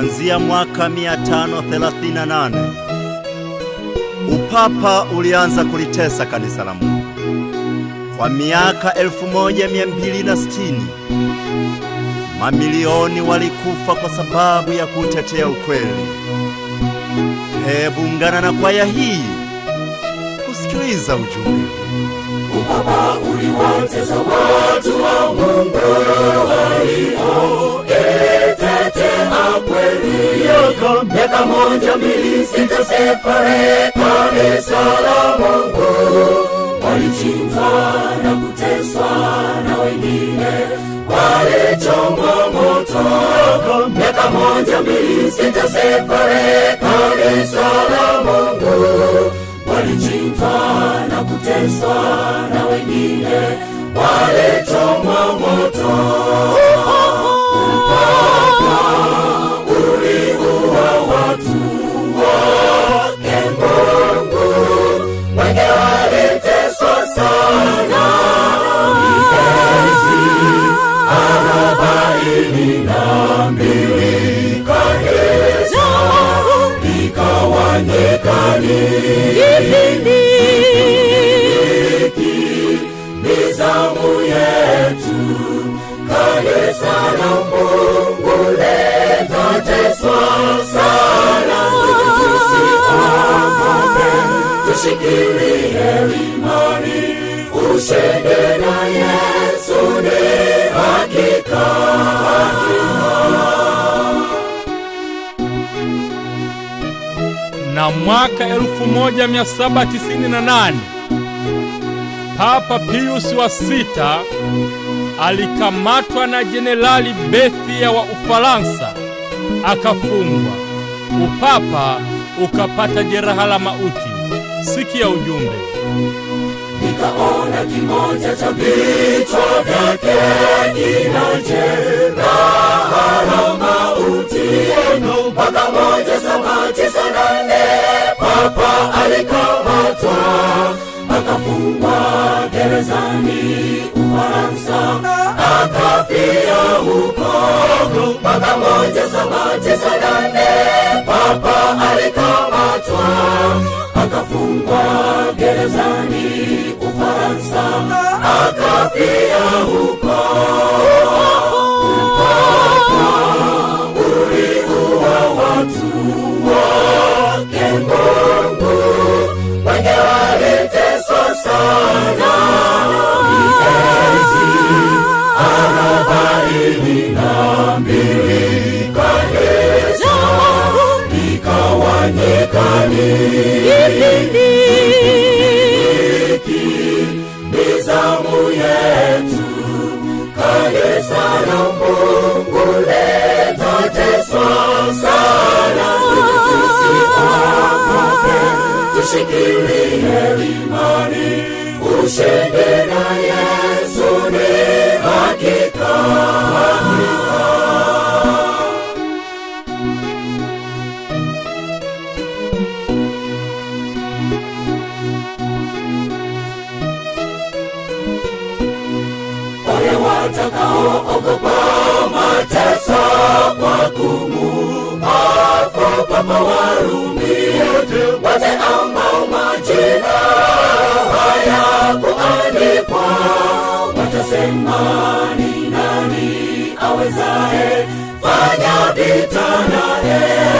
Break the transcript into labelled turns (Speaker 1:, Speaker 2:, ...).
Speaker 1: kuanzia mwaka 538 upapa ulianza kulitesa kanisa la Mungu kwa miaka 1260 mamilioni walikufa kwa sababu ya kutetea ukweli. Hebu ungana na kwaya hii kusikiliza ujumbe
Speaker 2: upapa uliwa Moja moja mbili sita separate pale sala Mungu walichinjwa na kuteswa na wengine walichomwa moto. Miaka moja mbili sita separate pale sala Mungu walichinjwa na kuteswa na wengine walichomwa moto. oh, oh, oh. kipindi ni zamu yetu kanisa la Mungu letateswa sana tusiamame tushikilie imani ushe
Speaker 1: na mwaka 1798 Papa Pius wa sita alikamatwa na Jenerali Bethia wa Ufaransa akafungwa. Upapa ukapata jeraha la mauti. Sikia ujumbe.
Speaker 2: Nikaona kimoja cha vichwa vyake kina jeraha la mauti, mpaka moja sabati sanane alikamatwa akafungwa gerezani Ufaransa, akafia huko mwaka moja saba tisa nane papa alikamatwa akafungwa gerezani Ufaransa, akafia huko tushikilie imani ushende naye ogopa mateso magumu, afa Baba warumie wote ambao majina hayakuandikwa, watasema ni nani awezaye fanya vita naye